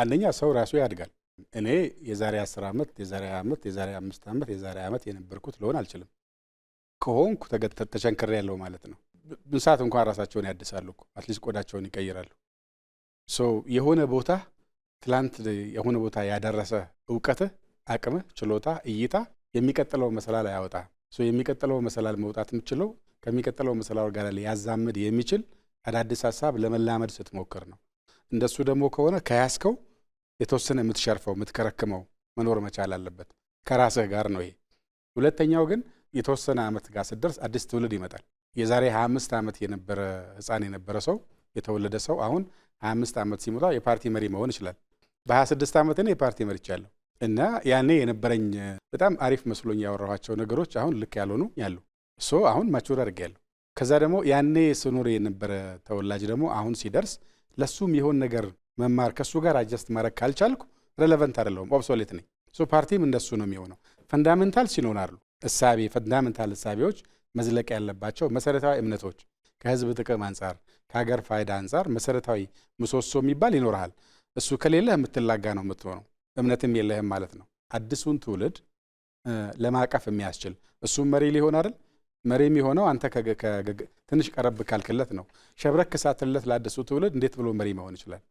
አንደኛ ሰው ራሱ ያድጋል። እኔ የዛሬ አስር ዓመት የዛሬ ዓመት የዛሬ አምስት ዓመት የዛሬ ዓመት የነበርኩት ልሆን አልችልም። ከሆንኩ ተሸንክሬ ያለው ማለት ነው። እንስሳት እንኳን ራሳቸውን ያድሳሉ፣ አትሊስት ቆዳቸውን ይቀይራሉ። የሆነ ቦታ ትላንት የሆነ ቦታ ያደረሰ እውቀትህ፣ አቅምህ፣ ችሎታ፣ እይታ የሚቀጥለው መሰላል አያወጣ። የሚቀጥለው መሰላል መውጣት የምችለው ከሚቀጥለው መሰላል ጋር ሊያዛምድ የሚችል አዳዲስ ሀሳብ ለመላመድ ስትሞክር ነው። እንደሱ ደግሞ ከሆነ ከያዝከው የተወሰነ የምትሸርፈው የምትከረክመው መኖር መቻል አለበት። ከራስህ ጋር ነው ይሄ። ሁለተኛው ግን የተወሰነ ዓመት ጋር ስትደርስ አዲስ ትውልድ ይመጣል። የዛሬ 25 ዓመት የነበረ ህፃን የነበረ ሰው የተወለደ ሰው አሁን 25 ዓመት ሲሞላ የፓርቲ መሪ መሆን ይችላል። በ26 ዓመት እኔ የፓርቲ መሪ ይቻለሁ እና ያኔ የነበረኝ በጣም አሪፍ መስሎኝ ያወራኋቸው ነገሮች አሁን ልክ ያልሆኑ ያሉ ሶ አሁን ማቹር አድርጌያለሁ። ከዛ ደግሞ ያኔ ስኖር የነበረ ተወላጅ ደግሞ አሁን ሲደርስ ለሱም የሆን ነገር መማር ከሱ ጋር አጀስት ማድረግ ካልቻልኩ ሬሌቨንት አይደለሁም፣ ኦብሶሌት ነኝ። ሶ ፓርቲም እንደሱ ነው የሚሆነው። ፈንዳሜንታል ሲኖን አሉ እሳቤ ፈንዳሜንታል እሳቤዎች መዝለቅ ያለባቸው መሰረታዊ እምነቶች ከህዝብ ጥቅም አንጻር ከሀገር ፋይዳ አንጻር መሰረታዊ ምሰሶ የሚባል ይኖርሃል። እሱ ከሌለህ የምትላጋ ነው የምትሆነው፣ እምነትም የለህም ማለት ነው። አዲሱን ትውልድ ለማቀፍ የሚያስችል እሱም መሪ ሊሆን አይደል መሪ የሚሆነው አንተ ትንሽ ቀረብ ካልክለት ነው። ሸብረክ ሳትለት ላደሱ ትውልድ እንዴት ብሎ መሪ መሆን ይችላል?